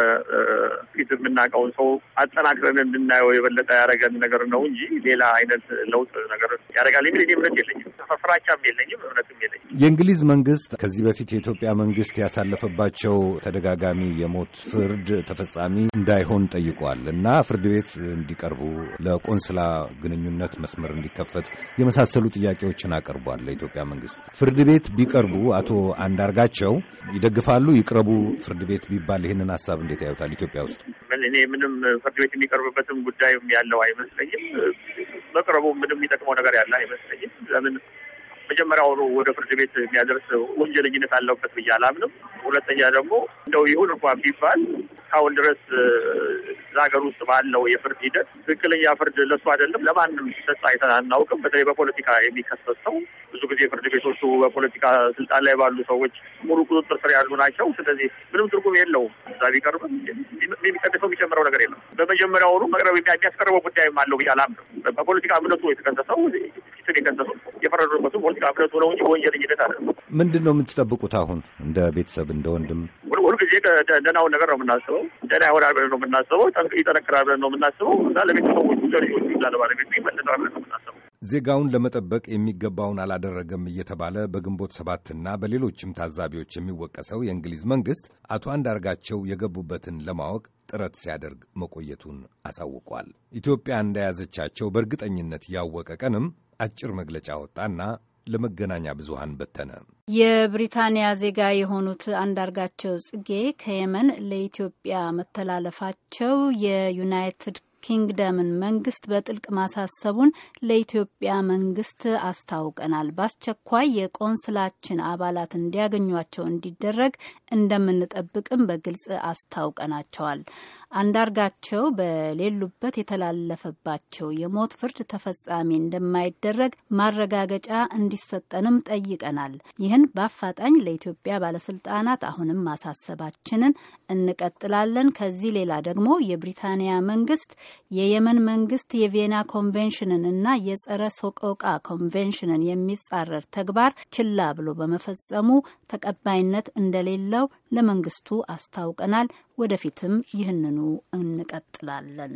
ፊት የምናውቀውን ሰው አጠናክረን እንድናየው የበለጠ ያደረገን ነገር ነው እንጂ ሌላ አይነት ለውጥ ነገር ያደርጋል የሚል እኔ እምነት የለኝም። ፍራቻም የለኝም፣ እምነትም የለኝም። የእንግሊዝ መንግስት ከዚህ በፊት የኢትዮጵያ መንግስት ያሳለፈ የተላለፈባቸው ተደጋጋሚ የሞት ፍርድ ተፈጻሚ እንዳይሆን ጠይቋል እና ፍርድ ቤት እንዲቀርቡ ለቆንስላ ግንኙነት መስመር እንዲከፈት የመሳሰሉ ጥያቄዎችን አቅርቧል ለኢትዮጵያ መንግስት። ፍርድ ቤት ቢቀርቡ አቶ አንዳርጋቸው ይደግፋሉ? ይቅረቡ ፍርድ ቤት ቢባል ይህንን ሀሳብ እንዴት ያዩታል? ኢትዮጵያ ውስጥ እኔ ምንም ፍርድ ቤት የሚቀርብበትም ጉዳዩም ያለው አይመስለኝም። መቅረቡ ምንም የሚጠቅመው ነገር ያለ አይመስለኝም። ለምን መጀመሪያውኑ ወደ ፍርድ ቤት የሚያደርስ ወንጀለኝነት አለበት ብዬ አላምንም። ሁለተኛ ደግሞ እንደው ይሁን እንኳን ቢባል እስካሁን ድረስ እዛ ሀገር ውስጥ ባለው የፍርድ ሂደት ትክክለኛ ፍርድ ለሱ አይደለም ለማንም ሰጥ አይተን አናውቅም። በተለይ በፖለቲካ የሚከሰት ሰው ብዙ ጊዜ ፍርድ ቤቶቹ በፖለቲካ ስልጣን ላይ ባሉ ሰዎች ሙሉ ቁጥጥር ስር ያሉ ናቸው። ስለዚህ ምንም ትርጉም የለውም። እዛ ቢቀርብም የሚቀደሰው የሚጨምረው ነገር የለም። በመጀመሪያውኑ መቅረብ የሚያስቀርበው ጉዳይም አለው ብዬ አላምንም። በፖለቲካ እምነቱ የተከሰሰው ስር የከሰሱት የፈረዱበትም ወንድ አብረቱ ነው እንጂ በወንጀለኝነት አለ። ምንድን ነው የምትጠብቁት አሁን እንደ ቤተሰብ እንደ ወንድም? ሁልጊዜ ደህናውን ነገር ነው የምናስበው። ደህና ይሆናል ብለን ነው የምናስበው። ይጠነክራል ብለን ነው የምናስበው እና ለቤተሰቦቹ ለልጆቹ ላለባለቤቱ ይመለሳል ብለን ነው የምናስበው። ዜጋውን ለመጠበቅ የሚገባውን አላደረገም እየተባለ በግንቦት ሰባትና በሌሎችም ታዛቢዎች የሚወቀሰው የእንግሊዝ መንግሥት አቶ አንዳርጋቸው የገቡበትን ለማወቅ ጥረት ሲያደርግ መቆየቱን አሳውቋል። ኢትዮጵያ እንደያዘቻቸው በእርግጠኝነት ያወቀ ቀንም አጭር መግለጫ ወጣና ለመገናኛ ብዙሃን በተነ። የብሪታንያ ዜጋ የሆኑት አንዳርጋቸው ጽጌ ከየመን ለኢትዮጵያ መተላለፋቸው የዩናይትድ ኪንግደምን መንግስት በጥልቅ ማሳሰቡን ለኢትዮጵያ መንግስት አስታውቀናል። በአስቸኳይ የቆንስላችን አባላት እንዲያገኟቸው እንዲደረግ እንደምንጠብቅም በግልጽ አስታውቀናቸዋል። አንዳርጋቸው በሌሉበት የተላለፈባቸው የሞት ፍርድ ተፈጻሚ እንደማይደረግ ማረጋገጫ እንዲሰጠንም ጠይቀናል። ይህን በአፋጣኝ ለኢትዮጵያ ባለስልጣናት አሁንም ማሳሰባችንን እንቀጥላለን። ከዚህ ሌላ ደግሞ የብሪታንያ መንግስት የየመን መንግስት የቪየና ኮንቬንሽንን እና የጸረ ሶቆቃ ኮንቬንሽንን የሚጻረር ተግባር ችላ ብሎ በመፈጸሙ ተቀባይነት እንደሌለው ለመንግስቱ አስታውቀናል። ወደፊትም ይህንኑ እንቀጥላለን።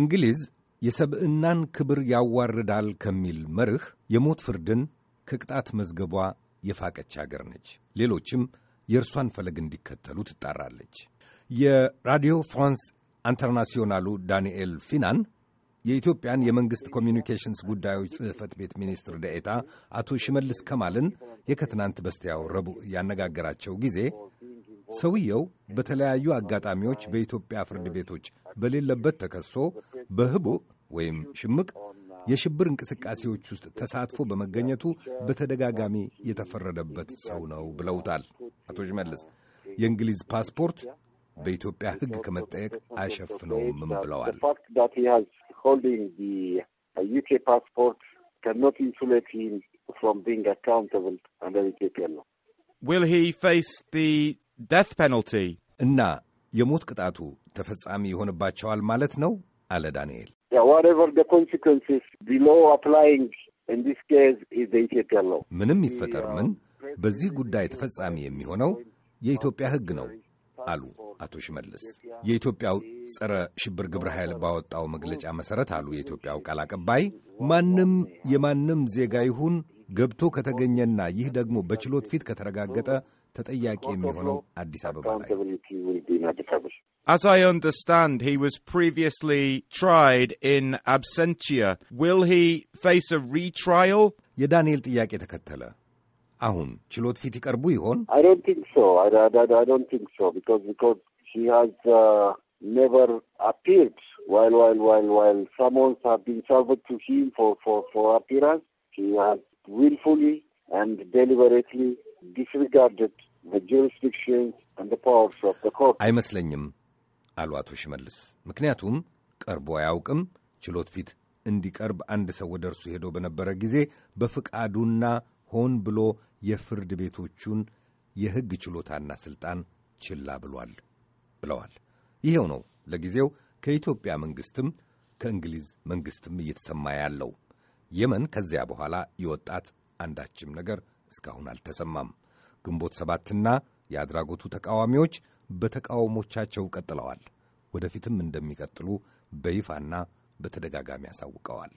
እንግሊዝ የሰብዕናን ክብር ያዋርዳል ከሚል መርህ የሞት ፍርድን ከቅጣት መዝገቧ የፋቀች አገር ነች። ሌሎችም የእርሷን ፈለግ እንዲከተሉ ትጣራለች። የራዲዮ ፍራንስ ኢንተርናሲዮናሉ ዳንኤል ፊናን የኢትዮጵያን የመንግሥት ኮሚኒኬሽንስ ጉዳዮች ጽሕፈት ቤት ሚኒስትር ደኤታ አቶ ሽመልስ ከማልን የከትናንት በስቲያው ረቡዕ ያነጋገራቸው ጊዜ ሰውየው በተለያዩ አጋጣሚዎች በኢትዮጵያ ፍርድ ቤቶች በሌለበት ተከሶ በህቡዕ ወይም ሽምቅ የሽብር እንቅስቃሴዎች ውስጥ ተሳትፎ በመገኘቱ በተደጋጋሚ የተፈረደበት ሰው ነው ብለውታል አቶ ሽመልስ። የእንግሊዝ ፓስፖርት በኢትዮጵያ ሕግ ከመጠየቅ አይሸፍነውም ብለዋል። Will he ደት ፔናልቲ እና የሞት ቅጣቱ ተፈጻሚ ይሆንባቸዋል ማለት ነው አለ ዳንኤል። ምንም ይፈጠር ምን በዚህ ጉዳይ ተፈጻሚ የሚሆነው የኢትዮጵያ ሕግ ነው አሉ አቶ ሽመልስ። የኢትዮጵያው ጸረ ሽብር ግብረ ኃይል ባወጣው መግለጫ መሠረት አሉ የኢትዮጵያው ቃል አቀባይ፣ ማንም የማንም ዜጋ ይሁን ገብቶ ከተገኘና ይህ ደግሞ በችሎት ፊት ከተረጋገጠ ተጠያቂ የሚሆነው አዲስ አበባ ላይ As I understand, he was previously tried in absentia. Will he face a retrial? I don't think so. I, I, I don't think so because because he has uh, never appeared while while while while summons have been served to him for for for appearance. He has willfully and deliberately disregarded አይመስለኝም አሉ አቶ ሽመልስ። ምክንያቱም ቀርቦ አያውቅም። ችሎት ፊት እንዲቀርብ አንድ ሰው ወደ እርሱ ሄዶ በነበረ ጊዜ በፍቃዱና ሆን ብሎ የፍርድ ቤቶቹን የሕግ ችሎታና ሥልጣን ችላ ብሏል ብለዋል። ይኸው ነው ለጊዜው ከኢትዮጵያ መንግሥትም ከእንግሊዝ መንግሥትም እየተሰማ ያለው። የመን ከዚያ በኋላ የወጣት አንዳችም ነገር እስካሁን አልተሰማም። ግንቦት ሰባትና የአድራጎቱ ተቃዋሚዎች በተቃውሞቻቸው ቀጥለዋል። ወደፊትም እንደሚቀጥሉ በይፋና በተደጋጋሚ አሳውቀዋል።